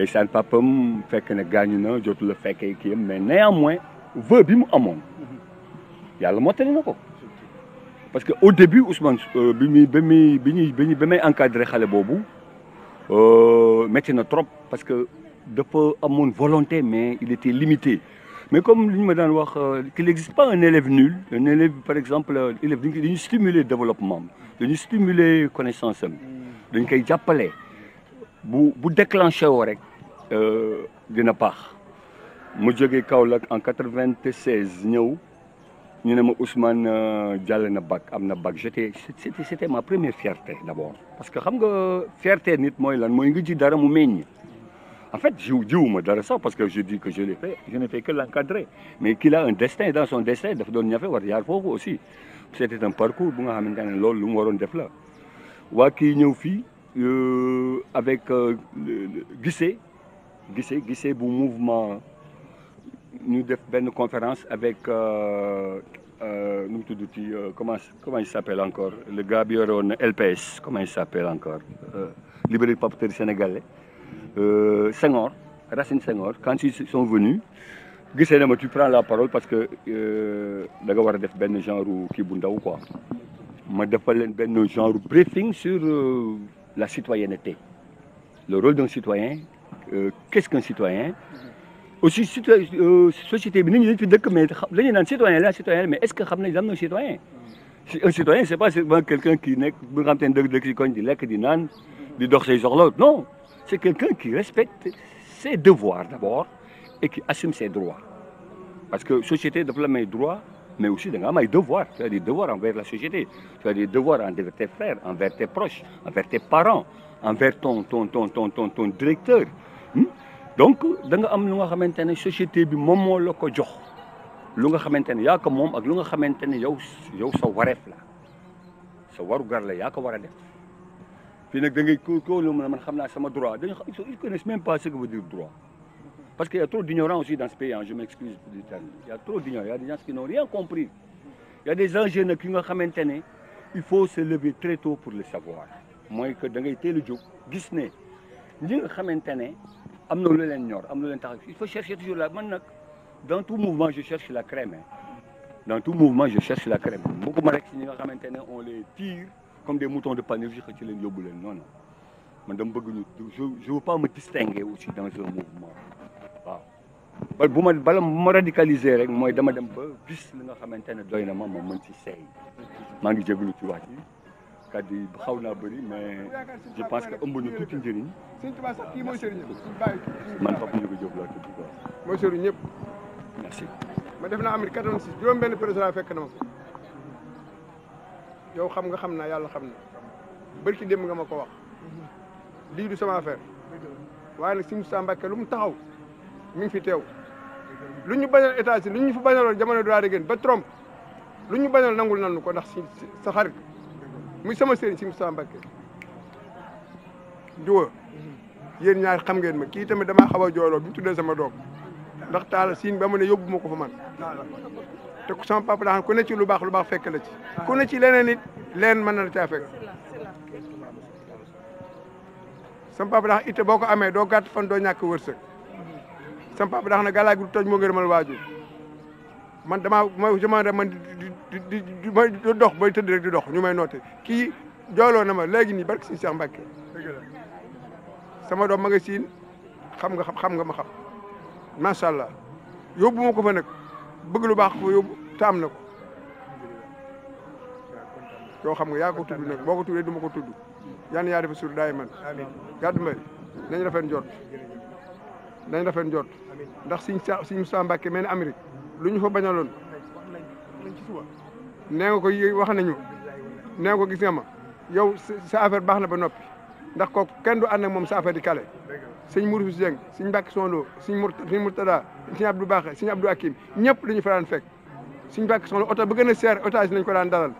ndeysaan papam fekk na gaañu na jotu la fekkee kii am mais néanmoins vœu bi mu amoon yàlla mottali na ko parce que au début Ousmane euh, bi muy ba muy bi ñuy bi ba may xale boobu euh, métti na trop parce que dafa amoon volonté mais il était limité mais comme li ñu ma daan wax euh, qu'il n'existe pas un élève nul un élève par exemple élève dañ dañuy stimuler développement dañuy stimuler connaissance am dañ koy jàppale bu bu déclenché woo rek Euh, dina baax mu jóge Kaolack en quatre-vingt-seize ñëw ñu ne ma Ousmane euh, jàll na bac am na bac j'étais c'était c'était ma première fierté d'abord parce que xam nga fierté nit mooy lan mooy nga ji dara mu meññ en fait jiw jiwuma dara sax parce que je dis que je l'ai fait je n'ai fait que l'encadrer mais qu'il a un destin dans son destin dafa doon ñafe war yaar foofu aussi c'était un parcours bu nga xamante ne loolu lu mu waroon def la waa kii ñëw fii euh, avec Guissé gisee gisee bu mouvement ñu def benn conférence avec euh, euh, nu mu tudd ci euh, comment comment il s'appelle encore le gars bi yoroon LPS comment il s'appelle encore Librairie Papeterie Sénégalais Senghor Racine Senghor quand ils sont venus gisee na ma tu prends la parole parce que da nga war a def benn genre kii bu ndaw quoi ma defal leen benn genre briefing sur la citoyenneté le rôle d'un citoyen Euh, qu'est-ce qu'un citoyen aussi euh, société bi nit ñi dañ fi dëkk mais dañuy naan citoyen la citoyen mais est-ce que xam nañ lan mooy citoyen un citoyen c'est pas seulement quelqu'un qui nekk bu nga xam te ne dëkk-dëkk si koñ di lekk di naan di dox say soxla non c'est quelqu'un qui respecte ses devoirs d'abord et qui assume ses droits parce que société dafa la may droit mais aussi da nga am ay devoir tu as des devoirs envers la société tu as des devoirs envers tes frères envers tes proches envers tes parents envers ton ton ton ton ton ton directeur donc da nga am lu nga xamante ne société bi moom moo la ko jox lu nga xamante ne yaa ko moom ak lu nga xamante ne yow yow sa wareef la sa waru gar la yaa ko war a def fii nag da ngay ko ko lu man xam naa sama droit dañu xam ils connaissent même pas ce que veut dire droit parce qu'il y a trop d'ignorants aussi dans pays je m'excuse du terme il a trop d'ignorants il y a des gens qui n'ont nga xamante ne il faut se lever très tôt pour le savoir mooy que da ngay teel a jóg gis ne li nga xamante ne am na lu leen ñor am na lu leen tax il faut chercher toujours la man nag dans tout mouvement je cherche la crème dans tout mouvement je cherche la crème bokkuma rek si ñi nga xamante ne on les tire comme des moutons de leen yóbbu leen non non man dama bëgg ñu je je veux pas me distinguer aussi dans un mouvement waaw. ba bu ma bala ma radicaliser rek mooy dama dem ba gis li nga xamante ne doy na ma ma mën ci seey maa ngi jégalu ci wax ji kàddu yi xaw naa bëri mais je pense que ëmb na tuuti njëriñ. sëñ Tuubaa sax kii mooy sëriñ man Papa Ndiouga ma def naa Amérique 86 juróom benn président fekk na ma yow xam nga xam naa yàlla xam na bari ci démb nga ma ko wax lii du sama affaire waaye nag suñu Moussa lu mu taxaw mi ngi fi teew lu ñu bañal état si lu ñu fi bañaloon jamono doa dégéen ba Trump lu ñu bañal nangul nanu ko ndax si sa xarit muy sama sëriñ si Moustapha Mbacké duwa yéen ñaar xam ngeen ma kii tamit damaa xaw a jooyloo bi mu tuddee sama doom ndax taala siin ba mu ne yóbbu ma ko fa man te ku sama papa daa xam ku ne ci lu baax lu baax fekk la ci ku ne ci leneen nit leen mën na la caa fekk sama papa daa itte boo ko amee doo gàtt fan doo ñàkk wërsëg sama papa daa xam ne galaay gu toj moo ngërëmal waajur man damaa ma jamono man di di di may dox tëdd rek di dox ñu may noote kii jooloo na ma léegi nii barke si Cheikh Mbacke sama doom ma nga siin xam nga xam nga ma xam macha allah yóbbu ma ko fa nag bëgg lu baax ko yóbbu taam na ko yoo xam nga yaa ko tudd nag boo ko tuddee du ma ko tudd yan yaa defa sur daay man gàddu mbay nañ rafet njort nañ rafet njort ndax siñ sa siñ Moussa Mbacke mel lu ñu fa bañaloon nee nga ko wax nañu nee ko gis nga ma yow sa affaire baax na ba noppi ndax ko kenn du ànd ak moom sa affaire di kale sëñ Mourou Dieng sëñ Mbacke Sondoo sëñ Mour sëñ Mourtada sëñ Abdou Bakhe sëñ Abdou Hakim ñëpp dañu fa daan fekk sëñ Mbacke Sondoo oto ba gën a seer otage lañ ko daan dalal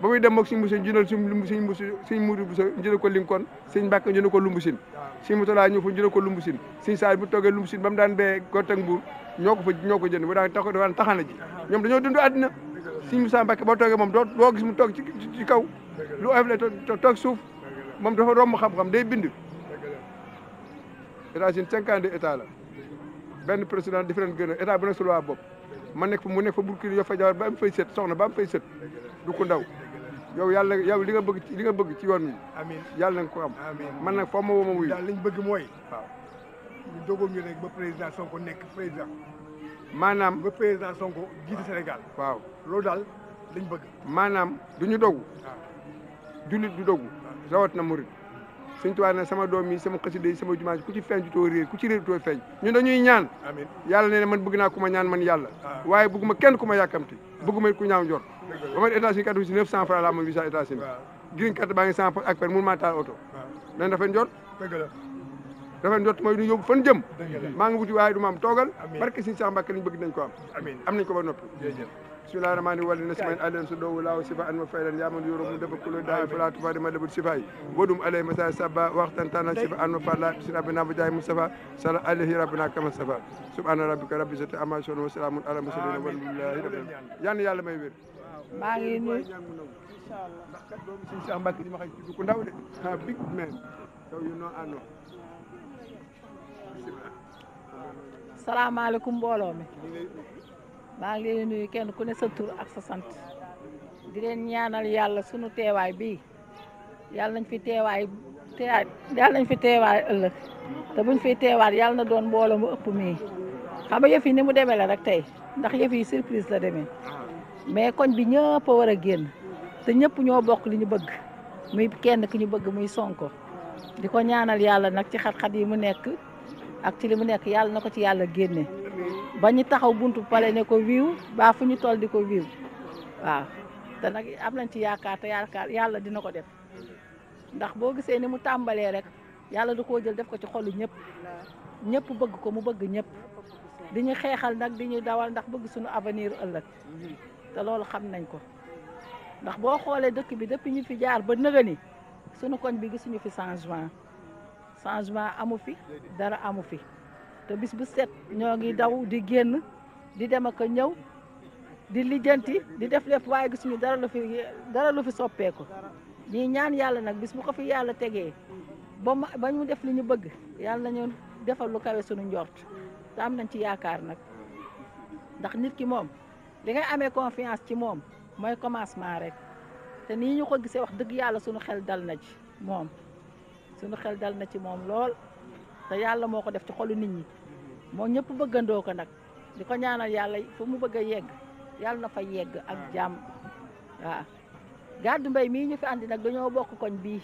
ba muy dem moog sëñ Moussa jëndal sëñ Moussa sëñ Mourou Moussa jëndal ko Lincoln sëñ Mbacke jëndal ko Lumbusin si mutolaa ñu fu jëlee ko lumbu sin suñ saay bu toogee lumbu sin ba mu daan dee gortag mbuur ñoo ko fa ñoo ko jënd ba daan tax daan taxana ji ñoom dañoo dund àddina suñ Moussa boo toogee moom doo doo gis mu toog ci ci kaw lu oyof la toog suuf moom dafa romb xam-xam day bind États-Unis cinquante deux état la benn président différent gën a état bu nekk sa loi bopp man nekk fa mu nekk fa burkina yo fa jawar ba am fay sët soxna ba am fay sët du ko ndaw yow yàlla yow li nga bëgg li nga bëgg ci yoon mi amiin yàlla na nga ko am man nag foo ma woo ma wuyu daal liñ bëgg mooy waaw ñu dogoon ñu rek ba président Sonko nekk président maanaam ba président Sonko jiite Sénégal waaw loolu daal lañ bëgg maanaam du ñu dogu jullit du dogu rawat na murit suñ tuwaa ne sama doom yi sama xasida yi sama jumaa ku ci feeñ ju too réer ku ci réer too feeñ ñun dañuy ñaan amiin yàlla nee na man bëgg naa ku ma ñaan man yàlla waaye bëgg ma kenn ku ma yàkkamti bëgguma ku ñaaw joon ba ma di état si carte bi si 900 francs laa amoon visa état si green card baa ngi sans passe ak per mun maa taal oto dañ dafa njot dafa njot mooy ñu yóbbu fan jëm maa ngi wuti waaye du ma am toogal barke si sax mbàkke liñ bëgg nañ ko am am nañ ko ba noppi bismillahi rahmani wali na siman alen su doowu laaw sifa an ma faylan yaaman yorob mu dafa kulo daay fala tufa dama lebut sifayi wadum alay masa saba waxtan tana sifa an ma falla si rabbina ba jaay mustafa sala alayhi rabbina kama safa subhana rabbika rabbi zati amma yasifun wa salamun ala mursalin walhamdulillahi rabbil alamin yàlla may wér maa ngi nuyu incha allah ndax kat ndaw de mbooloo mi maa ngi leen nuyu kenn ku ne sa ak sa sant di leen ñaanal yàlla sunu teewaay bii yàlla nañ fi teewaay teewaay yàlla nañ fi teewaay ëllëg te buñ fi teewaat yàlla na doon mbooloo mu ëpp mii xam nga yëf yi ni mu demee la rek tey ndax yëf yi surprise la demee. mais koñ bi ñëpp a war a génn te ñëpp ñoo bokk li ñu bëgg muy kenn ki ñu bëgg muy Sonko di ko ñaanal yàlla nag ci xat-xat yi mu nekk ak ci li mu nekk yàlla na ko ci yàlla génne ba ñu taxaw bunt pale ne ko wiiw baa fu ñu toll di ko wiiw waaw te nag am nañ ci yaakaar te yàlla dina ko def ndax boo gisee ni mu tàmbalee rek yàlla du ko jël def ko ci xolu ñëpp ñëpp bëgg ko mu bëgg ñëpp di ñu xeexal nag di ñu dawal ndax bëgg suñu avenir ëllëg te loolu xam nañ ko ndax boo xoolee dëkk bi depuis ñu fi jaar ba nëga ni suñu koñ bi gisuñu fi changement changement amu fi dara amu fi te bis bu set ñoo ngi daw di génn di dem ak ñëw di lijjanti di def lépp waaye gisuñu dara lu fi dara lu fi soppeeku ñii ñaan yàlla nag bis bu ko fi yàlla tegee ba ma ba ñu def li ñu bëgg yàlla nañu defal lu kawe suñu njort te am nañ ci yaakaar nag ndax nit ki moom di ngay amee confiance ci moom mooy commencement rek te nii ñu ko gisee wax dëgg yàlla suñu xel dal na ci moom suñu xel dal na ci moom lool te yàlla moo ko def ci xolu nit ñi moo ñëpp bëggandoo ko nag di ko ñaanal yàlla fu mu bëgg yegg yàlla na fa yegg ak jàmm waaw gàddu mbay mii ñu fi andi nag dañoo bokk koñ bii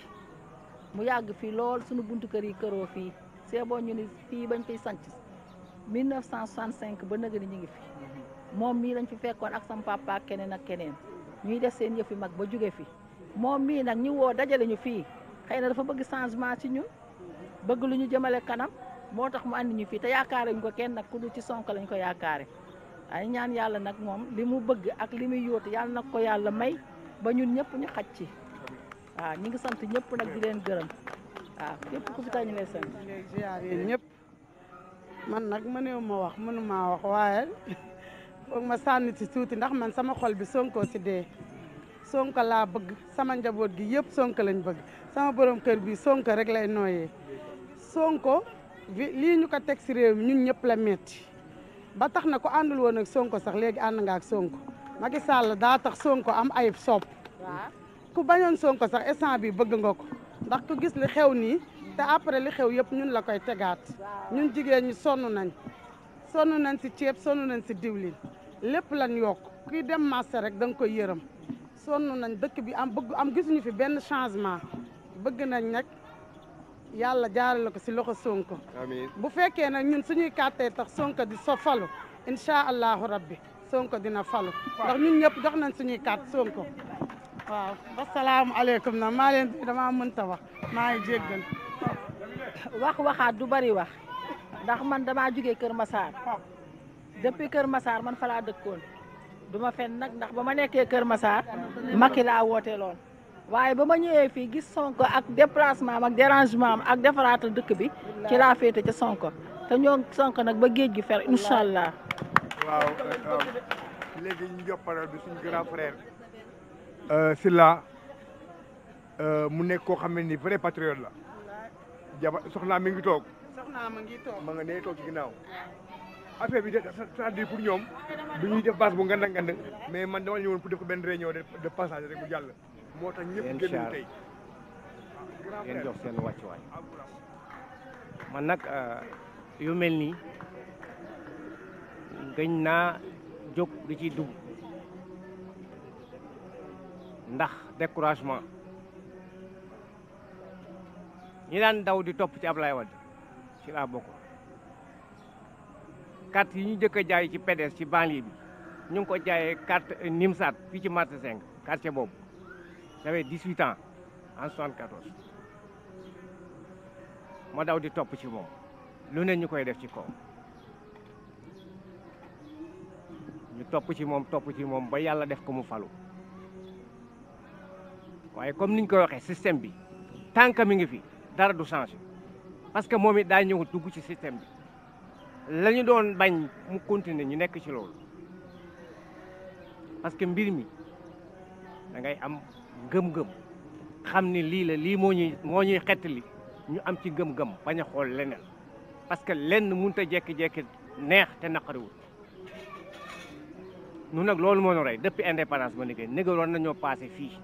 mu yàgg fii lool sunu buntu kër yi këroo fii seeboo ñu ni fii bañ fiy sanc 1965 ba nëga ni ñu ngi fi moom mii lañ fi fekkoon ak sama ak keneen ak keneen ñuy def seen yëf mag ba jóge fi moom mii nag ñu woo dajale ñu fii xëy na dafa bëgg changement ci ñun bëgg lu ñu jëmale kanam moo tax mu àndi ñu fii te yaakaare ñu ko kenn nag ku dul ci Sonko lañ ko yaakaare ay ñaan yàlla nag moom li mu bëgg ak li muy yóotu yàlla nag ko yàlla may ba ñun ñëpp ñu xaj ci waaw ñu ngi sant ñëpp nag di leen gërëm waaw képp ku fi tax ñu lay sant. ñu ngi man nag mëneewu ma wax mënu foog ma sànni si tuuti ndax man sama xol bi Sonko si dee Sonko laa bëgg sama njaboot gi yëpp Sonko lañ bëgg sama borom kër bi Sonko rek lay nooyee Sonko lii ñu ko teg si réew mi ñun ñëpp la metti ba tax na ko àndul woon ak Sonko sax léegi ànd nga ak ma gi Sall daa tax Sonko am ayib soob ku bañoon Sonko sax instant bi bëgg nga ko ndax ku gis li xew nii te après li xew yëpp ñun la koy tegaat ñun jigéen ñi sonn nañ sonn nañ si ceeb sonn nañ si diwlin lépp lañ yokk kuy dem marché rek da nga koy yërëm sonn nañ dëkk bi am bëgg am gisuñu fi benn changement bëgg nañ nag yàlla jaarale ko si loxo Sonko bu fekkee nag ñun suñuy kàttee tax Sonko di so falu incha allahu rabbi Sonko dina falu ndax ñun ñëpp jox nañ suñuy kàtt Sonko waaw asalaamaaleykum nag maa leen damaa mënta wax maa ngi jéggal wax waxaat du bari wax ndax man damaa jógee Kër Massar depuis Kër Massar man fa laa dëkkoon du ma fen nag ndax ba ma nekkee Kër Massar Macky laa woote loon waaye ba ma ñëwee fii gis Sonko ak déplacement am ak dérangement am ak defaraatal dëkk bi ci laa féete ca Sonko te ñoo Sonko nag ba géej gi fer incha allah. waaw euh, léegi bi suñu grand frère. Euh, euh, mu nekk koo xam ne nii vrai la. jaba soxnaa mi ngi toog. soxna ma ngi toog ma nga nee toog ci ginnaaw. affaire bi de pour ñoom du ñuy def base bu ngand ak mais man dama la ñëwoon pour def ko benn réunion de passage rek bu jàll. moo tax ñëpp génn tey ngeen jox seen wàccuwaay man nag euh, yu mel nii gëñ naa jog di ci dugg ndax découragement ñi naan daw di topp ci wa Wade ci laa bokk carte yi ñu njëkk a jaay ci PDS ci banlieue bi ñu ngi ko jaayee carte Nimsaat fii ci marché 5 quartier boobu j'avais 18 ans en 74 ma daw di topp ci moom lu ne ñu koy def ci kaw ñu topp ci moom topp ci moom ba yàlla def ko mu falu waaye comme niñ koy waxee système bi tant que mi ngi fi dara du changé parce que moom it daa ñëw dugg ci système bi lañu doon bañ mu continuer ñu nekk ci loolu parce que mbir mi da ngay am gëm gëm xam ni lii la lii moo ñuy moo ñuy xettali ñu am ci gëm gëm bañ a xool leneen parce que lenn mënut a neex te naqariwul nu nag loolu moo ñu rey depuis indépendance ba liggéey négaloon nañoo passé fii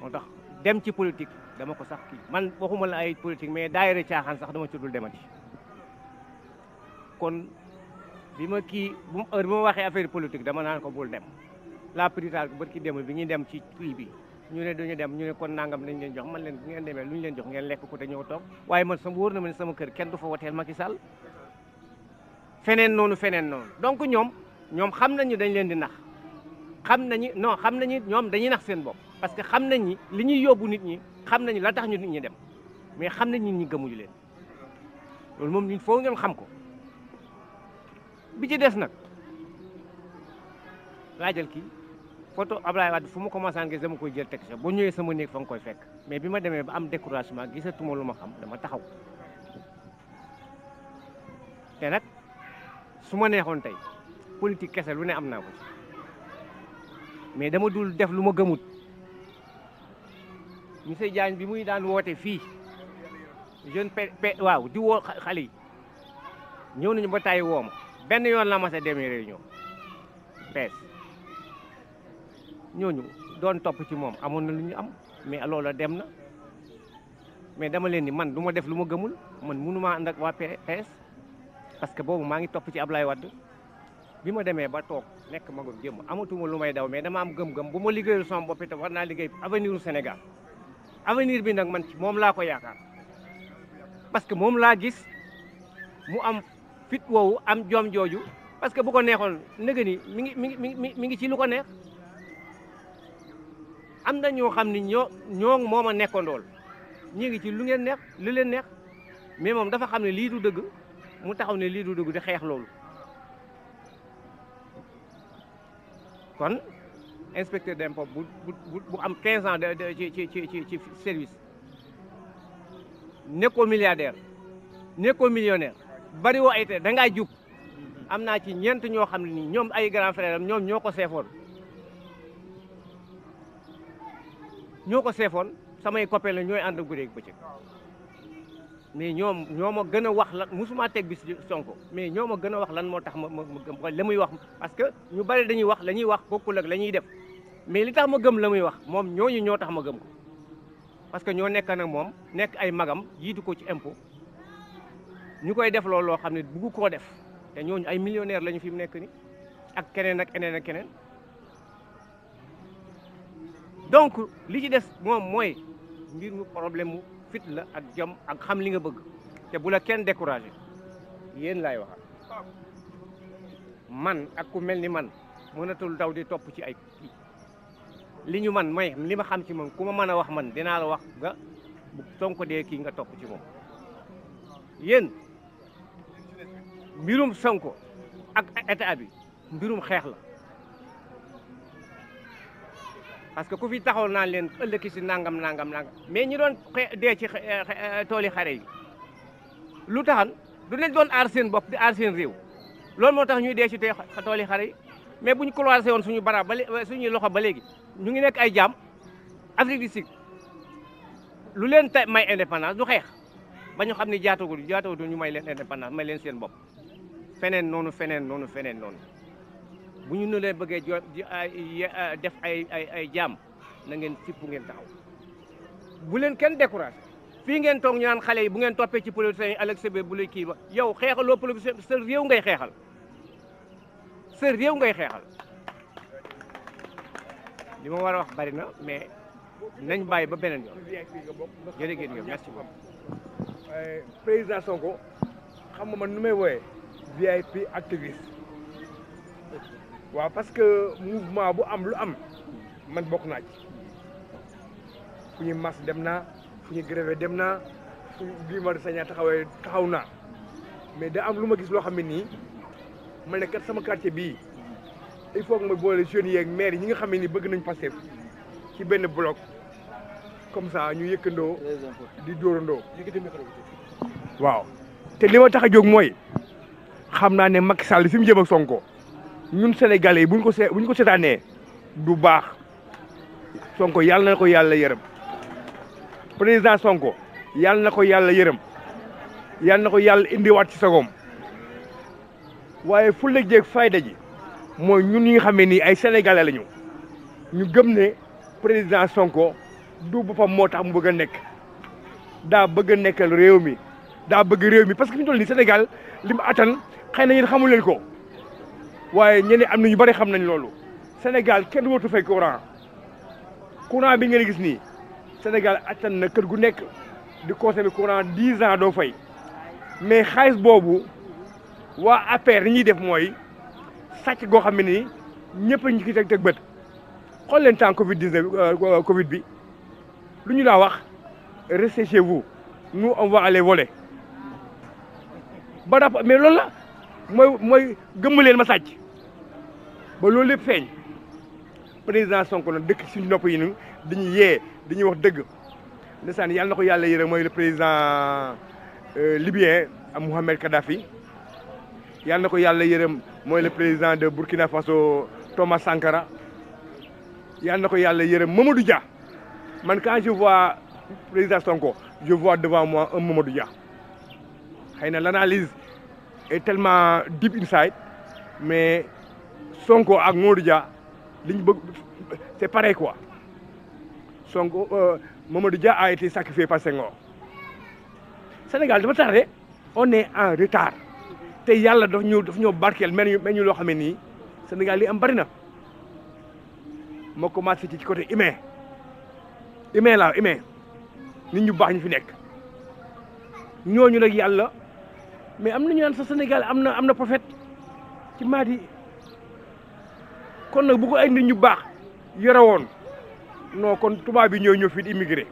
moo tax dem ci politique dama ko sax kii man waxuma la ay politique mais daayira caaxaan sax dama ci dul demati kon bi ma kii bu heure bi ma waxee affaire politique dama naan ko bul dem la pritage bu ki dem bi ñuy dem ci kii bi ñu ne duñu dem ñu ne kon nangam nañ leen jox man leen ngeen demee lu ñu leen jox ngeen lekk ko te ñëw toog waaye man sama wóor na ma ne sama kër kenn du fa woteel ki Sall feneen noonu feneen noonu donc ñoom ñoom xam nañu dañ leen di nax xam nañu non xam nañu ñoom dañuy nax seen bopp parce que xam nañ ni li ñuy yóbbu nit ñi xam nañu la tax ñu nit ñi dem mais xam nañ nit ñi gëmuñu leen loolu moom il faut ngeen xam ko bi ci des nag laajal kii photo Ablaye Wade fu ma commencé an gis dama koy jël teg sa boo ñëwee sama néeg fa koy fekk mais bi ma demee ba am découragement gisatuma lu ma xam dama taxaw te nag su ma neexoon tey politique kese lu ne am naa ko mais dama dul def lu ma gëmut monsieur Diagne bi muy daan woote fii jeune pe waaw di woo xale yi ñëw nañu ba tàyyi woom benn yoon la ma sa demee réunion pees ñooñu doon topp ci moom amoon na lu ñu am mais loola dem na mais dama leen ni man du ma def lu ma gëmul man munuma ànd ak waa PS parce que boobu maa ngi topp ci Ablaye Wade bi ma demee ba toog nekk magum jëm amatuma lu may daw mais dama am gëm-gëm bu ma liggéeyul sama bopp itam war naa liggéey avenir u Sénégal avenir bi nag man ci moom laa ko yaakaar parce que moom laa gis mu am fit woowu am joom jooju parce que bu ko neexoon nëgë ni mi ngi mi ngi mi ngi ci lu ko neex am na ñoo xam ni ñoo moom a nekkandool ñi ngi ci lu ngeen nekk lu leen neex mais moom dafa xam ne lii du dëgg mu taxaw ne lii du dëgg di xeex loolu kon inspecteur d'impôt bu bu bu am 15 ans de ci ci ci ci service nekkoo milliardaire nekkoo millionnaire bari woo ay te da ngaa jub am naa ci ñeent ñoo xam ne nii ñoom ay grand frère ñoom ñoo ko seefoon ñoo ko seefoon samay copains la ñooy ànd guddeeg ci mais ñoom ñoo ma gën a wax lan musuma teg bi Sonko mais ñoo ma gën a wax lan moo tax ma ma ma li muy wax parce que ñu bari dañuy wax la ñuy wax bokkul ak la ñuy def. mais li tax ma gëm la muy wax moom ñooñu ñoo tax ma gëm ko parce que ñoo nekk nag moom nekk ay magam jiitu ko ci impôt ñu koy def loolu loo xam ne bugg koo def te ñooñu ay millionnaire lañu fi mu nekk ni ak keneen ak eneen ak keneen donc li ci des moom mooy mbir mu problème mu fit la ak jom ak xam li nga bëgg te bu la kenn découragé yéen lay waxal ah. man ak ku mel ni man mënatul daw di topp ci ay li ñu man may li ma xam ci moom ku ma mën a wax man dinaa la wax nga bu Sonko dee kii nga topp ci moom yéen mbirum Sonko ak état bi mbirum xeex la parce que ku fi taxaw naan leen ëllëg si nangam nangam nangam mais ñi doon dee ci eh, tooli xare yi lu taxan du leen doon aar seen bopp di aar seen réew loolu moo tax ñuy dee ci tooli xare yi mais buñ croisé woon suñu bara ba suñuy loxo ba léegi ñu ngi nekk ay jaam Afrique du Sud lu leen tey may indépendance du xeex ba ñu xam ne jaatagul jaatagul ñu may leen indépendance may leen seen bopp feneen noonu feneen noonu feneen noonu bu ñu ne leen bëggee jo def ay ay ay jaam na ngeen fippu ngeen taxaw bu leen kenn découragé fii ngeen toog ñu naan xale yi bu ngeen toppee ci politiciens yi Alex Sebe bu lay kii ba yow xeexaloo politicien sa réew ngay xeexal sa ngay xeexal li ma war a wax bari na mais nañ bàyyi ba beneen yoon jërë ngeen jëf merci beaucoup. Euh, président Sonko xam nga man nu may wooyee VIP activiste waaw parce que mouvement bu am lu am man bokk naa fu ñuy mas dem naa fu ñuy grévé dem naa fu bii ma sañaa taxawee taxaw naa mais da am lu ma gis loo xam ne nii ma ne kat sama quartier bii. il foog que boole jeunes yeeg maire ñi nga xam ne ni bëgg nañ Pastef ci benn bloc comme sa ñu yëkkandoo di dóorandoo waaw te li tax a jóg mooy xam naa ne Macky Sall fi mu jëm ak Sonko ñun sénégalais yi buñ ko se buñ ko seetaanee du baax Sonko yàlla na ko yàlla yërëm président Sonko yàlla na ko yàlla yërëm yàlla na ko yàlla indiwaat ci sagoom waaye fulla jeeg fayda ji mooy ñun ñi nga xam nii ay sénégalais lañu ñu gëm ne président Sonko du boppam moo tax mu bëgg a nekk daa bëgg a nekkal réew mi daa bëgg réew mi parce que fi ñu toll nii Sénégal li attan xëy na yéen xamul ko waaye ñeneen am na ñu bari xam nañ loolu Sénégal kenn wootu fay courant courant bi ngeen gis nii Sénégal attan na kër gu nekk di consommer courant dix ans doo fay mais xaalis boobu waa APR li ñuy def mooy. sàcc goo xam ne nii ñëpp a ñu ci teg teg bët xool leen temps Covid 19 euh, euh, Covid bi lu ñu laa wax restez chez vous nous on va aller voler ba dafa mais loolu la mooy mooy gëmm leen ma sàcc ba loolu lépp feeñ président Sonko nag dëkk suñu nopp yi ñu dañuy yee dañuy wax dëgg ndeysaan yàlla na ko yàlla yërëm mooy le président euh, libyen Mohamed Kadhafi yàlla na ko yàlla yërëm mooy le président de Burkina Faso Thomas Sankara yàlla na ko yàlla yërëm Mamadou Dia man quand je vois président Sonko je vois devant moi un Mamadou Dia xëy na l'analyse est tellement deep inside mais Sonko ak Mamadou Dia li bëgg c'est pareil quoi Sonko euh, Mamadou Dia a été sacrifié par Senghor Sénégal dafa tardé on est en retard te yàlla daf ñu daf ñoo barkeel mee ñu ñu loo xam ne nii Sénégal li am bari na moo commencé ci côté humain humain laa humain nit ñu baax ñu fi nekk ñooñu nag yàlla mais am na ñu naan sa Sénégal am na am na prophète ci maadi kon nag bu ko ay nit ñu baax yore woon noo kon tubaab yi ñoo ñëw fii di immigré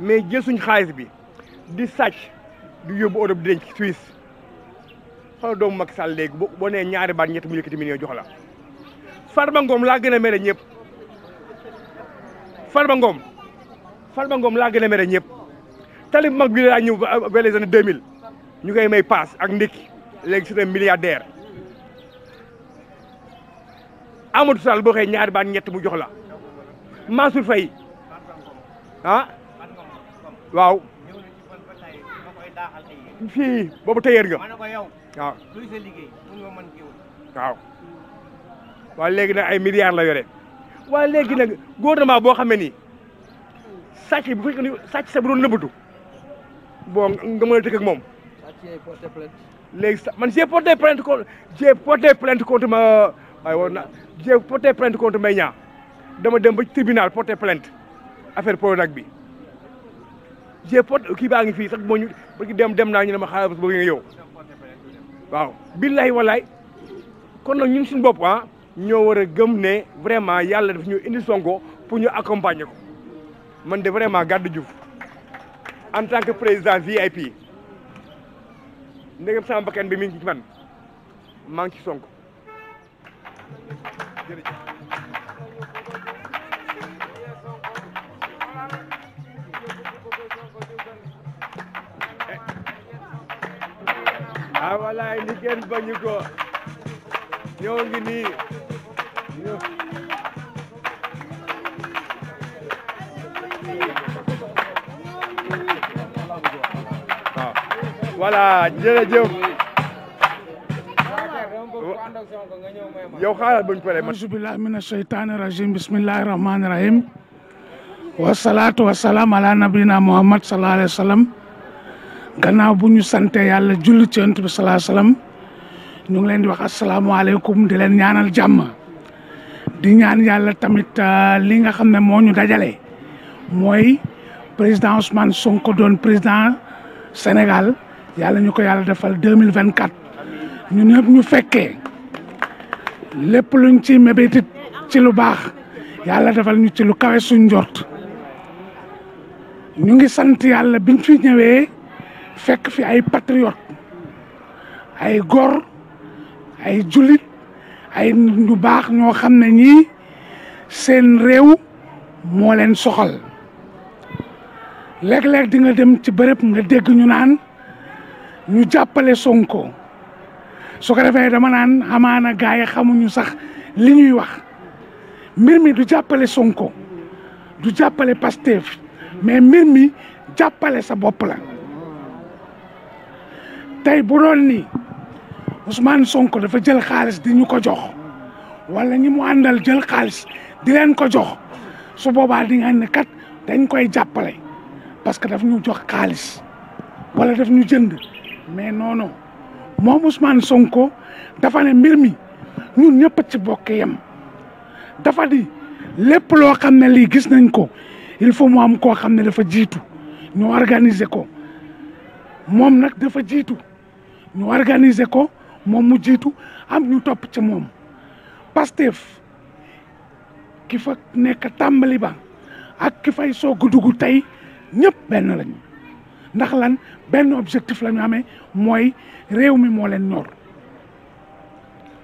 mais jël suñ xaalis bi di sàcc. du yóbbu Europe di denc Suisse xoolal doomu Macky Sall léegi boo boo nee ñaari baat ñett mu yëkkati million jox la Farba Ngom laa gën a mere ñëpp Farba Ngom Farba Ngom laa gën a mere ñëpp talib mag bi laa ñëw vers les années 2000 ñu koy may paas ak ndékki léegi c'est un milliardaire Amadou Sall boo xëy ñaari baat ñett mu jox la Mansour Faye ah? waaw. fii boobu tëyeer nga. waaw. waa waaw léegi nag ay milliards la yore. waaw léegi nag gouvernement boo xamee ni nii bu fekkee ni sàcc sa bu doon nëbbatu bon nga mën a tëkk ak moom. léegi sa man j'ai porté plainte contre j'ai porté plainte contre ma waaye woon na j'ai porté plainte contre Mbaye Niang dama dem ba tribunal porté plainte affaire nag bi. j'ai pot kii baa ngi fii sax moo ñu dem dem naa ñu ne ma xaaral bés boobu nga yow waaw billahi wallahi kon nag ñun suñu bopp ah ñoo war a gëm ne vraiment yàlla daf ñu indi sonko pour ñu accompagner ko man de vraiment Gade Diouf en tant que président VIP ndegam sama bakkan bi mi ngi ci man maa ngi ci sonko ah walaay ni kenn bañu ko ñoo ngi nii waaw voilà jërëjëf yow xaaral buñ pare man billahi mina shaytani rajim bismillahi rahmani rahim wasalaatu wasalaam ala nabina muhammad sallallahu alayhi wa sallam gannaaw bu ñu santee yàlla julli ci yonent bi salaa salaam ñu ngi leen di wax asalaamaaleykum di leen ñaanal jàmm di ñaan yàlla tamit euh, li nga xam ne moo ñu dajale mooy président Ousmane Sonko doon président Sénégal yàlla ñu ko yàlla defal deux mille vingt quatre ñun ñëpp ñu fekkee lépp luñ ci mébétit ci lu baax yàlla defal ñu ci lu kawe suñ njort ñu ngi sant yàlla biñ fi ñëwee. fekk fi ay patriote ay gor ay jullit ay nit ñu baax ñoo xam ne ñii seen réew moo leen soxal léeg-léeg di nga dem ci bërëb nga dégg ñu naan ñu jàppale Sonko su ko defee dama naan amaana gars yi xamuñu sax li ñuy wax mbir mi du jàppale Sonko du jàppale Pastef mais mbir mi jàppale sa bopp la tey bu doon nii Ousmane Sonko dafa jël xaalis di ñu ko jox walla ñi mu àndal jël xaalis di leen ko jox su boobaa di nga ne kat dañ koy jàppale parce que daf ñu jox xaalis wala daf ñu jënd mais non non moom Ousmane Sonko dafa ne mbir mi ñun ñëpp ci bokk yem dafa di lépp loo xam ne lii gis nañ ko il faut mu am koo xam ne dafa jiitu ñu organiser ko moom nag dafa jiitu. ñu organiser ko moom mu jiitu am ñu topp ci moom Pastef ki fa nekk tàmbali ba ak ki fay soog a dugg tey ñëpp benn lañ ndax lan benn objectif la ñu amee mooy réew mi moo leen noor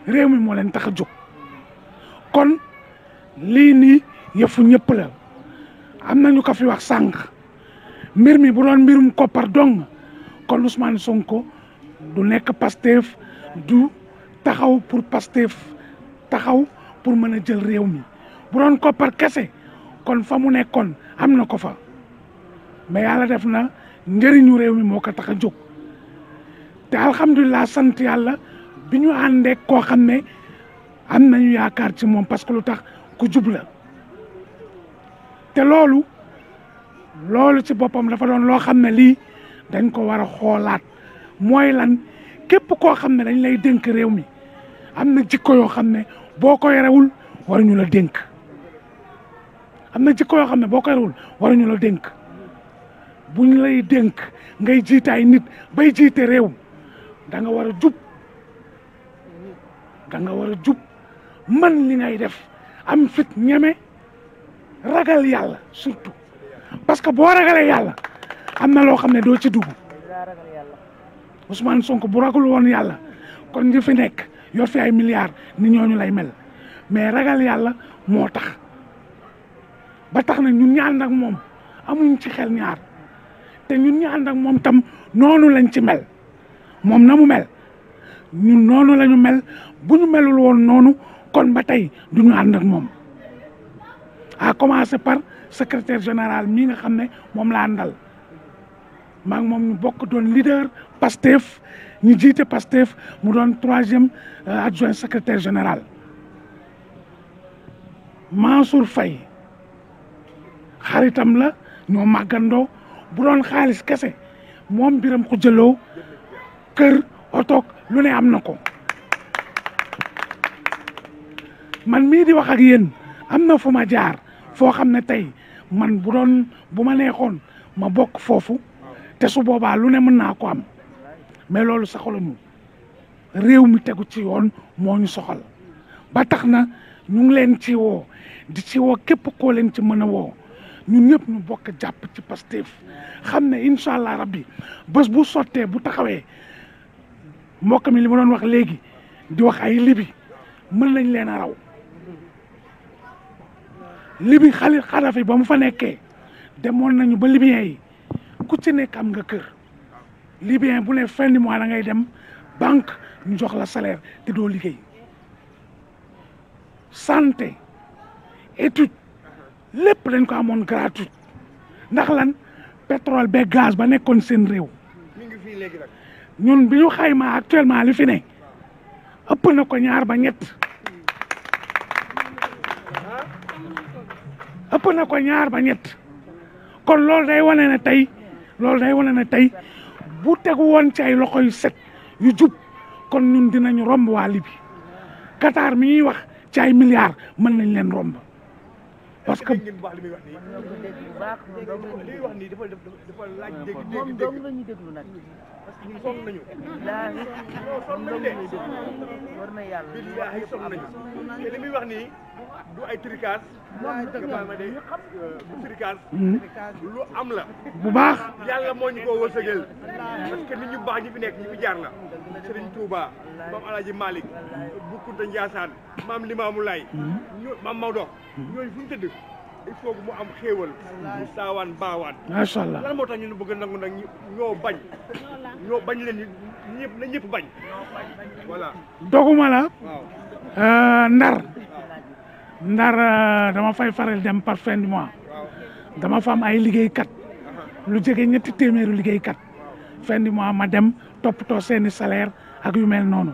réew mi moo leen tax a jóg kon lii ni yëfu ñëpp la am nañu ko fi sànq mbir mi bu doon mbirum koppar dong kon Ousmane Sonko. du nekk Pastef du taxaw pour Pastef taxaw pour mën a jël réew mi bu doon koppar kese kon fa mu nekkoon am na ko fa mais yàlla def na njëriñu réew mi moo ko tax a jóg te alhamdulilah sant yàlla bi ñu àndee koo xam ne am nañu yaakaar ci moom parce que lu tax ku jub la te loolu loolu ci boppam dafa doon loo xam ne lii dañ ko war a xoolaat mooy lan képp koo xam ne dañ lay dénk réew mi am na jikko yoo xam ne boo ko yorewul waruñu la dénk am na jikko yoo xam ne boo ko yorewul waruñu la dénk buñ lay dénk ngay jiite ay nit bay jiite réew da nga war a jub da nga war a jub man li ngay def am fit ñeme ragal yàlla surtout parce que boo ragalee yàlla am na loo xam ne doo ci dugg Ousmane Sonko bu ragul woon yàlla kon ñi fi nekk yor fi ay milliards ni ñooñu lay mel mais ragal yàlla moo tax ba tax na ñun ñaan nag moom amuñ ci xel ñaar te ñun ñaan nag moom tam noonu lañ ci mel moom na mu mel ñun noonu ñu mel bu ñu melul woon noonu kon ba tey du ñu ànd moom a commencer par secrétaire général mii nga xam ne moom la àndal maa moom ñu bokk doon leader Pastef ñu jiite Pastef mu doon troisième euh, adjoint secretaire général Mansour fay xaritam la ñoo màggandoo bu doon xaalis kese moom biram ko jëloo kër otoog lu ne am na ko man mii di wax ak yéen am na fu ma jaar foo xam ne tey man bu doon bu ma neexoon ma bokk foofu te su boobaa lu ne mën naa ko am mais loolu soxaluñu réew mi tegu ci yoon moo ñu soxal ba tax na ñu ngi leen ci woo di ci woo képp koo leen ci mën a woo ñun ñëpp ñu bokk jàpp ci Pastef xam ne incha allah bi bës bu sottee bu taxawee mbokk mi li ma doon wax léegi di wax ay libi mën nañ leen a raw libi Xaliil Xadafi ba mu fa nekkee demoon nañu ba libyens yi ku ci nekk am nga kër. libyen bu ne fin du mois da ngay dem banque ñu jox la salaire te doo liggéey santé étude lépp dañ ko amoon gratuite ndax lan pétrole be gaz ba nekkoon seen réew ñun bi ñu xayma actuellement li fi ne ëpp na ko ñaar ba ñett ëpp na ko ñaar ba ñett kon loolu day wane na tey loolu day wane na tey bu tegu woon ci ay loxo yu set yu jub kon ñun dinañu romb waa Libye Qatar mi ñuy wax ci ay milliards mën nañ leen romb parce que wax li muy wax wax nii dafa dafa laaj dégg dégg dégg moom lañu déglu nag parce que yàlla billaahi sonn wax nii du ay tricage baal ma de euh, du tricage hmm. lu am baax yàlla moo ñu ko wërsëgal parce que ñu baax ñi fi nekk ñi fi jaar la Serigne Touba maam Alaaji Malick Bou Kounta Ndiassane maam Limamou Laye hmm. maam ñooñu fu macha allah lan moo tax ñun bëgg nangu nag ñoo bañ ñoo bañ leen la euh, ndar ndar euh, dama fay faral dem par fin dama fa am ay liggéeykat uh-huh. lu jege ñetti téeméeru liggéeykat fin du ma dem toppatoo seeni salaire ak yu mel noonu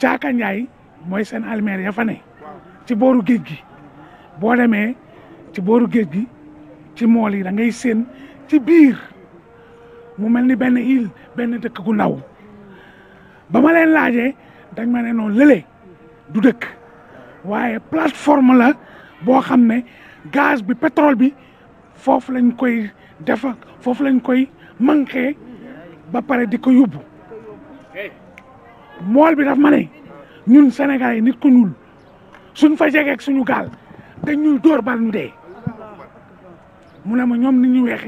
caaka njaay mooy seen almeer ya ci booru géej gi boo demee ci booru géej gi ci mool yi da ngay ci biir mu mel ni benn île benn dëkk gu ndaw ba ma leen laajee dañ ma ne noonu lële du dëkk waaye plateforme la boo xam ne gaz bi pétrole bi foofu lañ koy defa foofu lañ koy manqué ba pare di ko yóbbu mool bi daf ma ne ñun Sénégal yi nit ku ñuul suñ fa jegee suñu gaal dañ ñuy dóor bal ñu dee mu ne ma ñoom nit ñu weex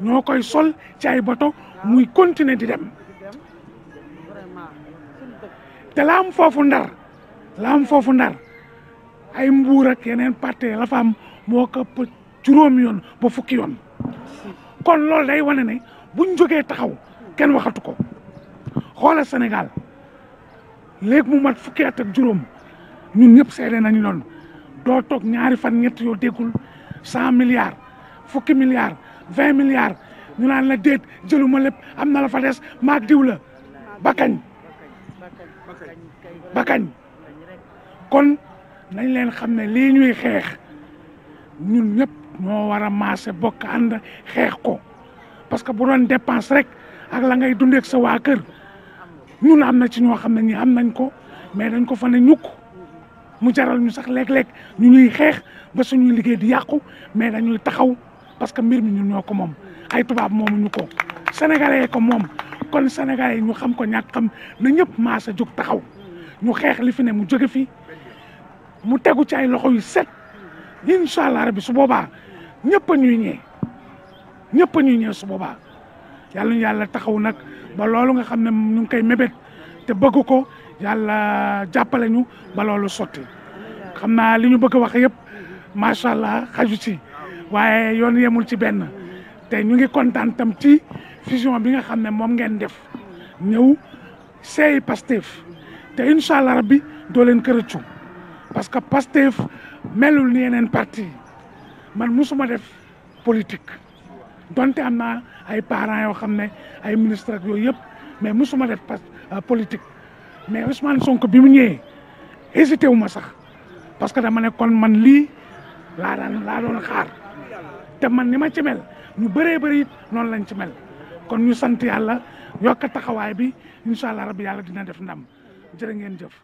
ñoo koy sol ci ay bato muy continuer di dem te la am foofu ndar la am foofu ndar ay mbuur ak yeneen parti la fa am moo ko juróom yoon ba fukki yoon kon loolu day wane ne buñ jógee taxaw kenn waxatu ko xoola senegal léegi mu mat fukki at juróom ñun ñëpp seede nañu noon doo toog ñaari fan ñetti yoo déggul cent milliards fukki milliards vingt milliards ñu naan la déet jëluma lépp am na la fa des maag diw la ba kañ ba kañ kon nañ leen xam ne lii ñuy xeex ñun ñëpp ñoo war a maase bokk ànd xeex ko parce que bu doon dépense rek ak la ngay dundeek sa waa kër ñun am na ci ñoo xam ne ñi am nañ ko mais dañ ko fan ne ñukk mu jaral ñu sax léeg-léeg ñu ñuy xeex ba suñuy liggéey di yàqu mais dañuy taxaw parce que mbir mi ñun ñoo ko moom ay tubaab moomuñu ko sénégalais ko moom kon sénégalais yi ñu xam ko ñàkk xam na ñëpp maasa jóg taxaw ñu xeex li fi ne mu jóge fi mu tegu ci ay loxo yu set incha allah bi su boobaa ñëpp a ñuy ñee ñëpp ñuy ñee su boobaa yàlla ñu yàlla taxaw nag ba loolu nga xam ne ñu ngi koy mébét te bëgg ko yàlla jàppale ñu ba loolu sotti xam naa li ñu bëgg a wax yëpp macha allah xaju ci waaye yoon yemul ci benn te ñu ngi kontaan tam ci fusion bi nga xam ne moom ngeen def ñëw seey Pastef te incha allah rabbi doo leen kërëccu parce que Pastef melul ni yeneen parti man musuma def politique donte am naa ay parents yoo xam ne ay ministre ak yooyu yëpp mais musuma def euh, politique mais Ousmane sonk bi mu ñëwee hésité wu ma sax parce que dama ne kon man lii laa daan laa doon xaar te man ni ma ci mel ñu bëree bëri it noonu lañ ci mel kon ñu sant yàlla yokk taxawaay bi incha allah rabbi yàlla dina def ndam jërë ngeen jëf.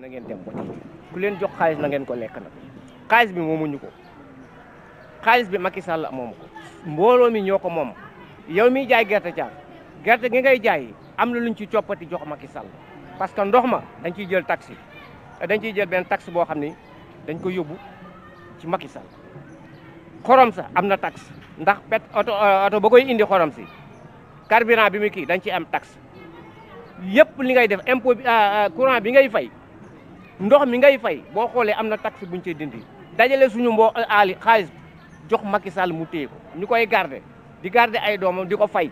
na ngeen dem voté ku leen jox xaalis na ngeen ko lekk nag xaalis bi moomuñu ko xaalis bi Macky Sall moomu ko mbooloo ñoo ko moom yow miy jaay gerte caaf. gerte gi ngay jaay am na lu luñ ci coppati jox Macky Sall parce que ndox ma dañ ciy jël taxi dañ ciy jël benn taxe boo xam ni dañ ko yóbbu ci Macky Sall xorom sa am na taxe ndax pet oto euh, oto koy indi xorom si carburant bi mu kii dañ ciy am taxe yëpp li ngay def impôt bi euh, euh, courant bi ngay fay ndox mi ngay fay boo xoolee am na taxe buñ cee dindi dajale suñu mboo aali xaalis jox Macky Sall mu téye ñu koy garder di garder ay doomam di ko fay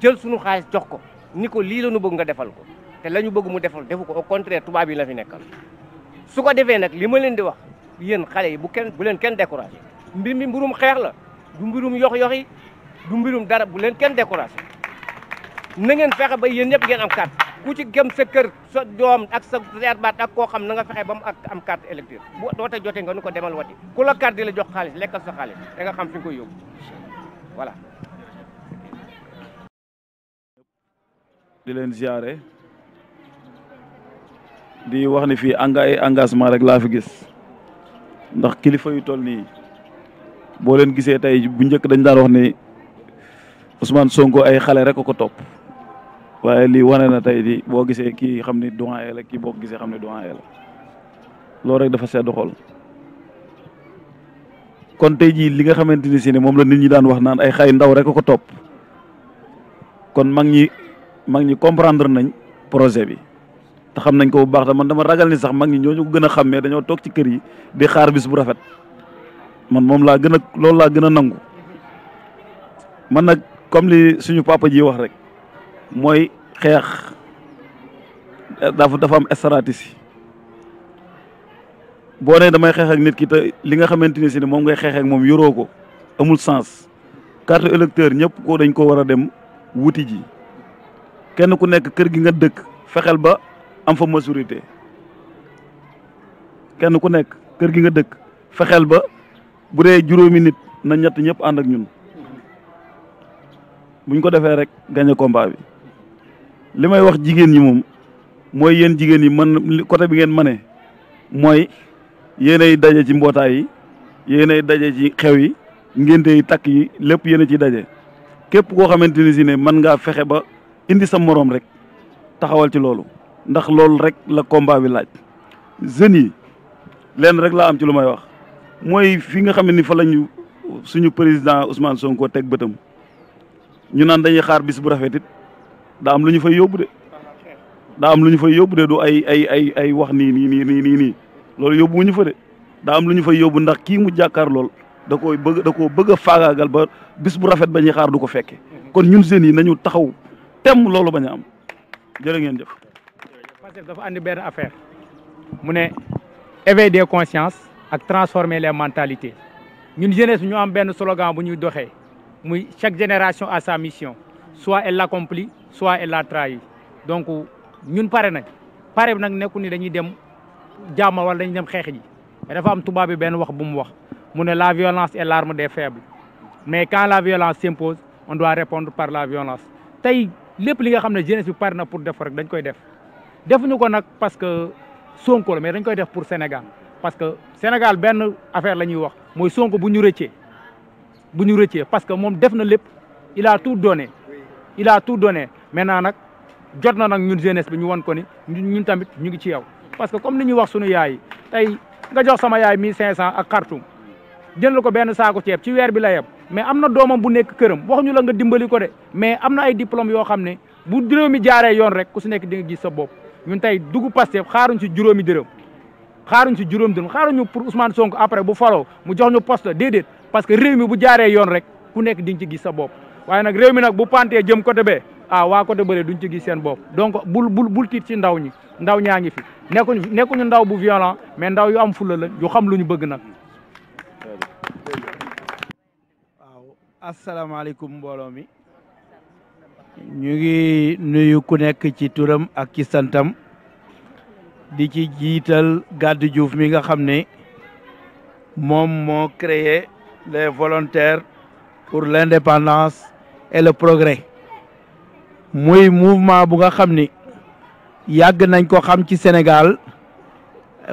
jël suñu xaalis jox ko ni ko lii la ñu bëgg nga defal ko te la ñu bëgg mu defal defu ko au contraire tubaab yi la fi nekkal su ko defee nag li ma leen di wax yéen xale yi bu kenn bu leen kenn découragé mbir mi mbirum xeex la du mbirum yox-yox yi du mbirum dara bu leen kenn découragé na ngeen fexe ba yéen ñëpp ngeen am carte ku ci gëm sa kër sa doom ak sa baat ak koo xam na nga fexe ba mu ak am carte électeur bu dootee jotee nga nu ko demal wati ku la carte di la jox xaalis lekkal sa xaalis da nga xam fi nga koy di leen ziare di wax ni fii anga engagement rek laa fi gis ndax kilifa yu toll nii boo leen gisee tey bu njëkk dañ daan wax ni Ousmane Sonko ay xale rek ko topp waaye lii wane na tey di boo gisee kii xam ni doyen la kii boo gisee xam ni doyen la loolu rek dafa sedd xol kon tey jii li nga xamante ni si ne moom la nit ñi daan wax naan ay xay ndaw rek ko topp kon mag mag ñi comprendre nañ projet bi te xam nañ ko bu baax te man dama ragal ni sax mag ñi ñooñu ko gën a xàmmee dañoo toog ci kër yi di xaar bis bu rafet man moom laa gën a loolu laa gën a nangu man nag comme li suñu papa ji wax rek mooy xeex dafa dafa am stratégie boo nee damay xeex nit ki te li nga xamante ni si ne moom ngay xeex moom yoroo ko amul sens carte électeur ñëpp ko dañ ko war a dem wuti ji kenn ku nekk kër gi nga dëkk fexeel ba am fa majorité kenn ku nekk kër gi nga dëkk fexeel ba bu dee juróomi nit na ñett ñëpp ànd ak ñun buñ ko defee rek gagné combat bi li may wax jigéen ñi moom mooy yéen jigéen yi man côté bi ngeen mane mooy yéenay daje ci mbootaay yi yéenay daje ci xew yi ngénte yi takk yi lépp yéen ci daje képp koo xamante ni si ne mën ngaa fexe ba indi sa moroom rek taxawal ci loolu ndax loolu rek la combat bi laaj jeunes yi leen rek laa am ci lu may wax mooy fi nga xam ne ni fa lañu suñu président Ousmane Sonko teg bëtam ñu naan dañuy xaar bis bu rafet it daa am lu ñu fay yóbbu de lu ñu fay yóbbu de du ay ay ay ay wax nii nii nii nii nii nii loolu yóbbu ñu fa de daa am lu ñu fay yóbbu ndax kii mu jàkkaar lool da koy bëgg da koo bëgg a faagaagal ba bis bu rafet ba ñuy xaar du ko fekke kon ñun jeunes yi nañu taxaw mu loolu ba a am jërë ngeen jëf. Pastef dafa andi benn affaire mu ne éveil des consciences ak transformer les mentalités ñun jeunesse ñu am benn slogan bu ñuy doxee muy chaque génération à sa mission soit la l'accomplit soit elle la trahit donc ñun pare nañ pare bi nag nekku ni dañuy dem jàmmal wala dañuy dem xeex ji mais dafa am tubaab bi benn wax bu mu wax mu ne la violence est l'arme des faibles mais quand la violence s'impose on doit répondre par la violence tey lépp li nga xam ne jeunesse bi pare na pour def ko rek dañ koy def defuñu ko nag parce que Sonko la mais dañ koy def pour Sénégal parce que Sénégal benn affaire la ñuy wax mooy Sonko bu ñu rëccee bu ñu rëccee parce que moom def na lépp il a tout donné il a tout donné nag jot na nag ñun jeunesse bi ñu won ko ni ñun tamit ñu ngi ci yow parce que comme ni ñuy wax sunu yaay tey nga jox sama yaay mi cinq cent a xartum jëndal ko benn saako ceeb ci weer bi la yem mais am na doomam bu nekk këram waxuñu la nga dimbali ko de mais am na ay diplôme yoo xam ne bu réew mi jaaree yoon rek ku si nekk di nga gis sa bopp ñun tey dugg Pastef xaaruñ si juróomi dërëm xaaruñ si juróomi dërëm xaaruñu pour usmaan sonk après bu faloo mu jox ñu poste déedéet parce que réew mi bu jaaree yoon rek ku nekk di nga ci gis sa bopp waaye nag réew mi nag bu pantee jëm côté bee ah waa côté bële duñ ci gis seen bopp donc bul bul bul tiit ci ndaw ñi ndaw ñaa ngi fi nekkuñu nekkuñu ndaw bu violent mais ndaw yu am fulla la yu xam lu ñu bëgg nag asalaamaaleykum mbooloo mi ñu ngi nuyu ku nekk ci turam ak ci santam di ci jiital Gàddu Diouf mi nga xam ni moom moo créer les volontaires pour l'indépendance et le progrès muy mouvement bu nga xam ni yàgg nañ ko xam ci Sénégal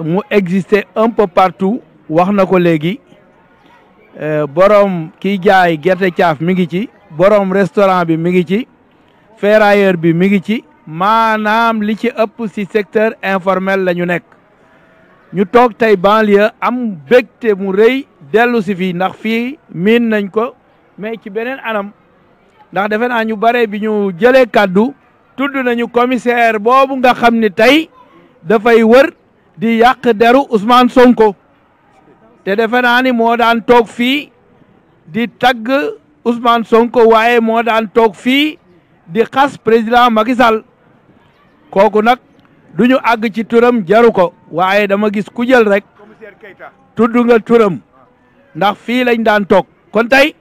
mu exister un peu partout wax na ko léegi Euh, borom kiy jaay gerte caaf mi ngi ci borom restaurant bi mi ngi ci ferrailleur bi mi ngi ci maanaam li ci ëpp si secteur informel lañu nekk ñu toog tey banlieue am bégte mu rëy dellu si fii ndax fii miin nañ ko mais ci beneen anam ndax defe naa ñu bare bi ñu jëlee kàddu tudd nañu commissaire boobu nga xam ni tey dafay wër di yàq deru Ousmane Sonko te defe naa ni moo daan toog fii di tagg usmaan Sonko waaye moo daan toog fii di xas président Macky Sall kooku nag du ñu àgg ci turam jaru ko waaye dama gis ku jël rek tudd nga turam ndax fii lañ daan toog kon tey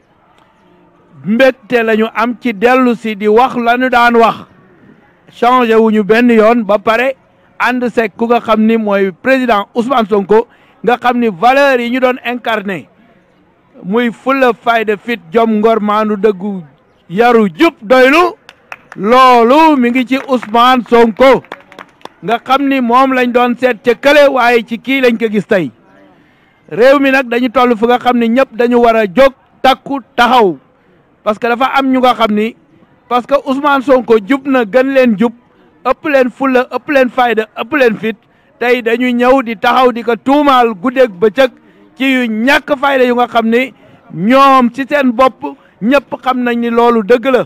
mbégte la ñu am ci dellu si di wax lañu ñu daan wax changé wuñu benn yoon ba pare ànd seeg ku nga xam ni mooy président Ousmane Sonko nga xam ni valeurs yi ñu doon incarné muy fulla fayda fit jom ngormaanu dëggu yaru jub doylu loolu mi ngi ci usmaan Sonko nga xam ni moom lañ doon seet ca kële waaye ci kii lañ ko gis tey réew mi nag dañu toll fu nga xam ni ñëpp dañu war a jóg takku taxaw parce que dafa am ñu nga xam ni parce que Ousmane Sonko jub na gën leen jub ëpp leen fulla ëpp leen fayda ëpp leen fit tey dañuy ñëw di taxaw di ko tuumaal ba bëccëg ci yu ñàkk fayda yu nga xam ni ñoom ci seen bopp ñëpp xam nañ ni loolu dëgg la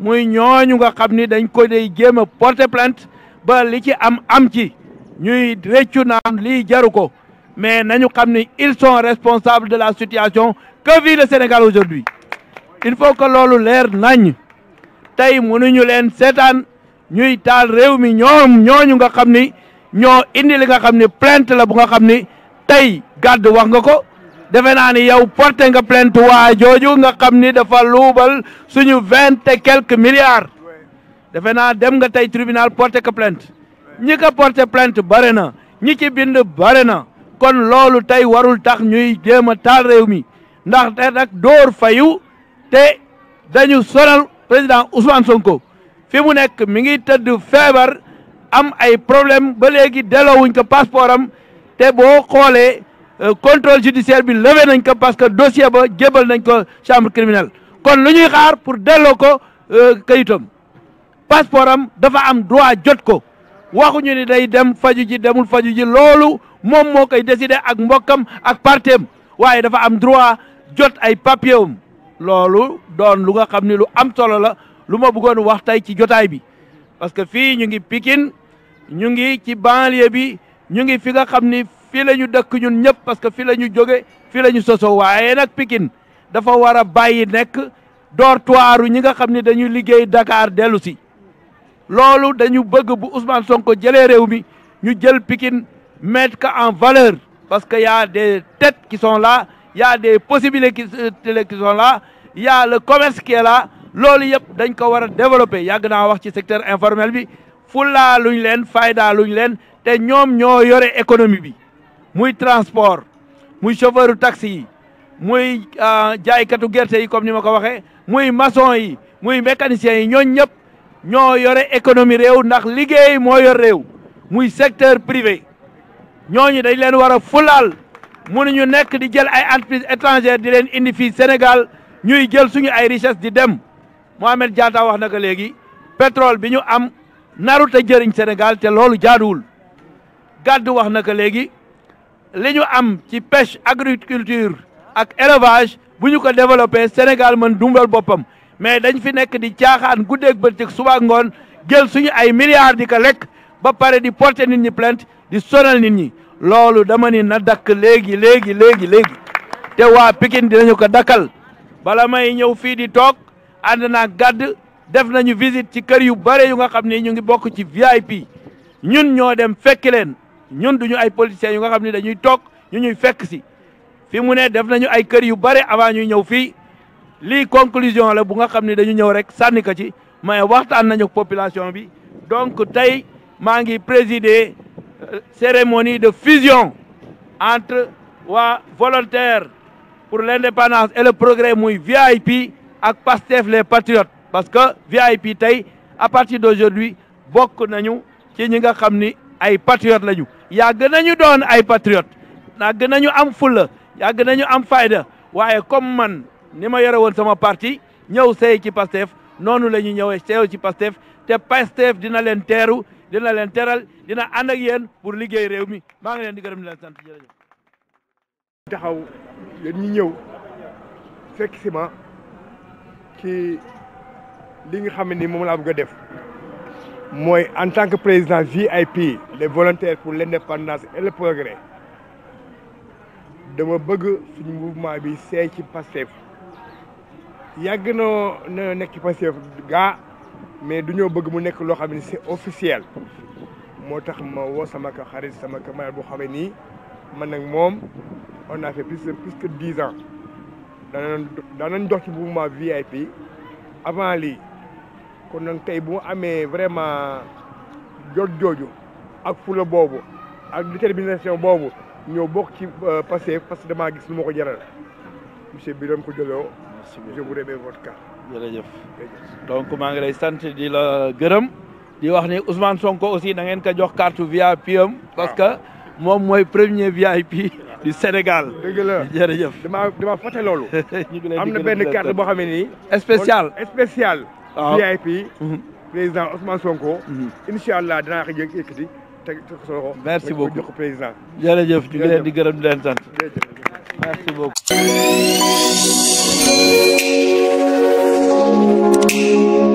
muy ñooñu nga xam ni dañ ko day jéem a porter plainte ba li ci am am ci ñuy réccu naan lii jaru ko mais nañu xam ni ils sont responsable de la situation que vit le Sénégal aujourd'hui il faut que loolu leer nañ tey mënuñu leen seetaan ñuy taal réew mi ñoom ñooñu nga xam ni ñoo indi li nga xam ne plainte la bu nga xam ni tey gàdd wax nga ko defe naa ni yow porté nga plainte waa jooju nga xam ni dafa luubal suñu vingt et quelques defe naa dem nga tey tribunal porté ko plainte ñi ko porté plainte bare na ñi ci bind bare na kon loolu tey warul tax ñuy jéem a taal réew mi ndax te nag dóor fayu te dañu sonal président Ousmane Sonko fi mu nekk mi ngi tëdd feebar am ay problème ba léegi delloowuñ ko passeport am te boo xoolee euh, contrôle judiciaire bi levé nañ ko parce que dossier ba jébal nañ ko chambre criminelle kon lu ñuy xaar pour delloo ko euh, kayitam passeport am dafa am droit jot ko waxuñu ni day dem faju ji demul faju ji loolu moom moo koy décider ak mbokkam ak partem waaye dafa am droit jot ay papier loolu doon lu nga xam ni lu am solo la lu ma buggoon wax tey ci jotaay bi parce fii ñu ngi Pikine ñu ngi ci banlieue bi ñu ngi fi nga xam ni fii la ñu dëkk ñun ñëpp parce que fii la ñu jóge fii la ñu soso waaye nag pikin dafa war a bàyyi nekk door dortoir ñi nga xam ni dañuy liggéey dakaar dellu si loolu dañu bëgg bu Ousmane Sonko jëlee réew mi ñu jël Pikine mettre ko en valeur parce que y a des têtes qui sont là y a des possibilités qui sont là y loolu yëpp dañ ko war a développer yàgg naa wax ci secteur informel bi fulaaluñ leen faydaaluñ leen te ñoom ñoo yore économie bi muy transport muy chauffeuru taxi yi muy euh, jaaykatu gerte yi comme ni ma ko waxee muy maçon yi muy mécanicien yi ñooñ ñëpp ñoo yore économie réew ndax liggéey moo yor réew muy secteur privé ñooñu dañ leen war a fulaal mënuñu nekk di jël ay entreprise étrangère di leen indi fii Sénégal ñuy jël suñu ay richesse di dem Mohamed Diatta wax na ko léegi pétrole bi ñu am narut a jëriñ Sénégal te loolu jaaduwul gàdd wax na ko léegi li ñu am ci pêche agriculture ak élevage bu ñu ko développé Sénégal mën dumbal boppam mais dañ fi nekk di caaxaan ba bëccëg suba ngoon jël suñu ay milliards di ko lekk ba pare di porter nit ñi plainte di sonal nit ñi loolu dama ni na dakk léegi léegi léegi léegi te waa Pikine dinañu ko dakkal bala may ñëw fii di toog ànd naa gàdd def nañu visite ci kër yu bare yu nga xam ne ñu ngi bokk ci pi ñun ñoo dem fekk leen ñun duñu ay politiciens yu nga xam ne dañuy toog ñu ñuy fekk si fi mu ne def nañu ay kër yu bare avant ñuy ñëw fii lii conclusion la bu nga xam ne dañu ñëw rek sànni ko ci mais waxtaan nañu population bi donc tey maa ngi présider euh, cérémonie de fusion entre waa volontaire pour l'indépendance et le progrès muy pi ak Pastef les patriotes parce que VIP tey à partir d'aujourd'hui bokk nañu ci ñi nga xam ni ay patriotes lañu yàgg nañu doon ay patriotes yàgg nañu am fulla yàgg nañu am fayda waaye comme man ni ma yore woon sama parti ñëw seey ci Pastef noonu la ñu ñëwee seew ci Pastef te Pastef dina leen teeru dina leen teral dina ànd ak yéen pour liggéey réew mi maa ngi leen di gërëm di leen sant jërëjëf. taxaw yéen ñi ñëw fekk si ma li nga xam ni moom laa bëgg a def mooy en tant que président VIP les volontaires pour l'indépendance et le progrès dama bëgg suñu mouvement bi seey ci Pastef yàgg noo na nekk Pastef ga mais du ñoo bëgg mu nekk loo xam ne c'est officiel moo tax ma woo sama ka xarit sama ka maanaam boo xamee nii man nag moom on a fait plus plus que dix ans daanañ dox ci mouvement VIP avant lii kon nag tey bu amee vraiment jot jooju ak fulo boobu ak détermination boobu ñoo bokk ci euh, passé parce que damaa gis lu ma ko jaral monsieur Birame Khoudialo. merci beaucoup je vous remercie votre cas. donc maa ngi lay sant di la gërëm di wax ni Ousmane Sonko aussi da ngeen ko jox carte VIP am. parce que moom mooy premier VIP. du Sénégal dëgg la jërëjëf. damaa damaa fàtte loolu. am na benn carte boo xam ne nii. spécial spécial. Ah. VIP. Mhm. président Ousmane Sonko. Mhm. incha allah dinaa ko yëkkati teg ko merci beaucoup jox président. jërëjëf ñu ngi leen di gërëm di leen sant. merci beaucoup.